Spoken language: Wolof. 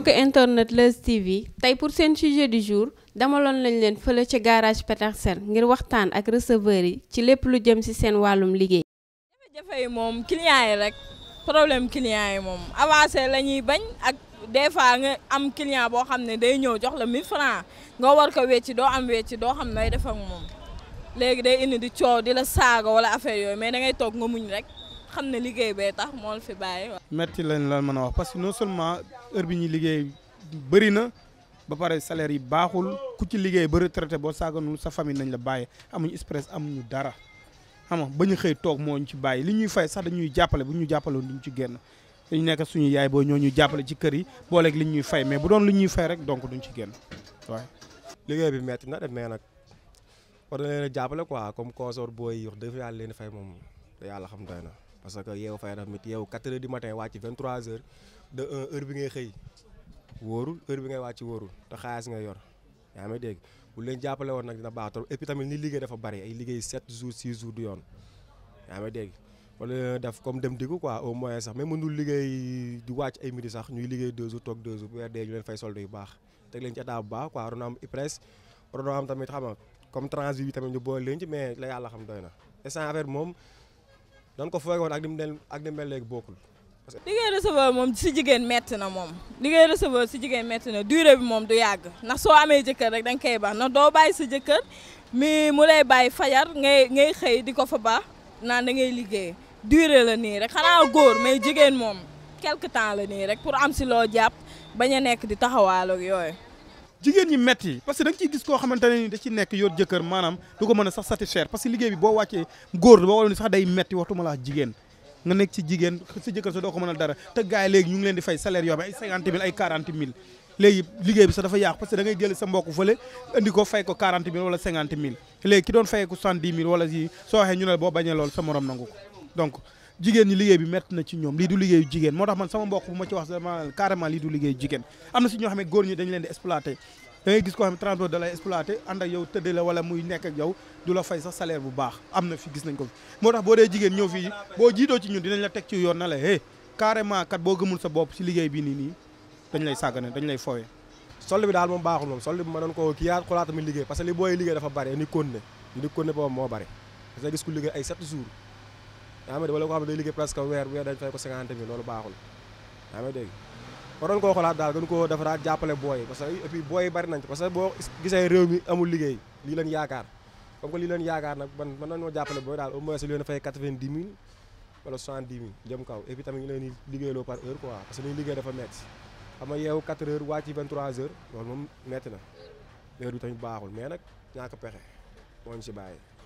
mbokk internet Leuz TV tey pour seen sujet du jour damaloon lañ leen fële ca garage Petersen ngir waxtaan ak receveur yi ci lépp lu jëm ci seen wàllum liggéey. jafe yi moom client yi rek problème client yi moom avancé la ñuy bañ ak des fois nga am client boo xam ne day ñëw jox la 1000 francs nga war ko wecci doo am wecci doo xam nooy def ak moom léegi day indi di coow di la saaga wala affaire yooyu mais da ngay toog nga muñ rek. xam ne liggéey bee tax mool fi bàyyi. metti lañ la mën a wax parce que non seulement heure bi ñu liggéey bëri na ba pare salaire yi baaxul ku ci liggéey ba retraité boo saaganul sa famille nañ la bàyyi amuñu express amuñu dara xam nga ba ñu xëy toog moo ñu ci bàyyi li ñuy fay sax dañuy jàppale bu ñu jàppaloon duñ ci génn. dañu nekk suñu yaay booy ñoo ñu jàppale ci kër yi booleeg li ñuy fay mais bu doon li ñuy fay rek donc duñu ci génn waaye. liggéey na de mais nag war na comme consort booy leen fay moom yàlla xam na parce que yeewu fay rafet yow 4 heures du matin wàcc 23 heures de 1 bi ngay xëy wóorul heure bi ngay wàcc wóorul te xaalis nga yor yaa ma may dégg bu leen jàppale woon nag dina baax trop et puis tamit ni liggéey dafa bari ay liggéey 7 jours 6 jours du yoon yaa ngi may dégg. wala def comme dem diggu quoi au moins sax même mënul liggéey di wàcc ay midi sax ñuy liggéey 2 jours toog 2 jours weer dee ñu leen fay solde yu baax teg leen ci état bu baax tamit xam nga comme transit bi tamit ñu boole leen mais la yàlla xam doy na nan ko foogoon ak ni mu mel ak ni mu mel léegi bokkul. li ngay recevoir moom si jigéen métti na moom li ngay recevoir si jigéen métti na durée bi moom du yàgg ndax soo amee jëkkër rek danga nga koy baax ndax doo bàyyi sa jëkkër mi mu lay bàyyi fajar ngay ngay xëy di ko fa baax naan da ngay liggéey durée la nii rek xanaa góor mais jigéen moom quelque temps la nii rek pour am si loo jàpp bañ a nekk di taxawaal yooyu. jigéen ñi metti parce que da nga ciy gis koo xamante ne ni da ci nekk yor jëkkër maanaam du ko mën a sax satisfaire parce que liggéey bi boo wàccee góor boo wala ni sax day metti waxtuma laa jigéen nga nekk ci jigéen sa jëkkër sa doo ko mën a dara te gars yi léegi ñu ngi leen di fay salaire yoo xam ay cinquante mille ay quarante mille léegi liggéey bi sax dafa yàqu parce que da sa mbokk fële indi ko fay ko quarante mille wala cinquante mille léegi ki doon fayee ko wala yi soo waxee ñu ne la boo bañee sa morom nangu ko jigéen ñi liggéey bi métti na ci ñoom lii du liggéeyu jigéen moo tax man sama mbokk bu ma ci wax dama carrément lii du liggéeyu jigéen am na si ñoo xam ne góor ñi dañu leen di exploité da gis koo xam transport da exploité ànd ak yow tëddee la wala muy nekk yow du la fay sa salaire bu baax am na fi gis nañ ko fi moo tax boo dee jigéen ñëw fii boo jiitoo ci ñun dinañ la teg ci yoon na la hé carrément boo gëmul sa bopp si liggéey bi nii nii dañ lay sàggane dañ lay fowee sol bi daal moom baaxul moom sol bi ma ko kiyaat xulaat tamit liggéey parce que li booy liggéey dafa bari ni konne ni konne yaa ma dégg wala koo xam ne day liggéey presque weer weer dañ fay ko cinquante mille loolu baaxul ma dégg waroon koo xolaat daal jàppale booy parce que et puis booy que boo gisee réew mi amul liggéey lii leen yaakaar comme leen yaakaar nag man mën nañoo jàppale booy daal au moins li leen fay quatre-vingt-dix mille wala soixante-dix mille jëm kaw et puis tamit ñu leen moom metti na heure bi tamit baaxul mais nag ñaaka pexe moo ñu si bàyyi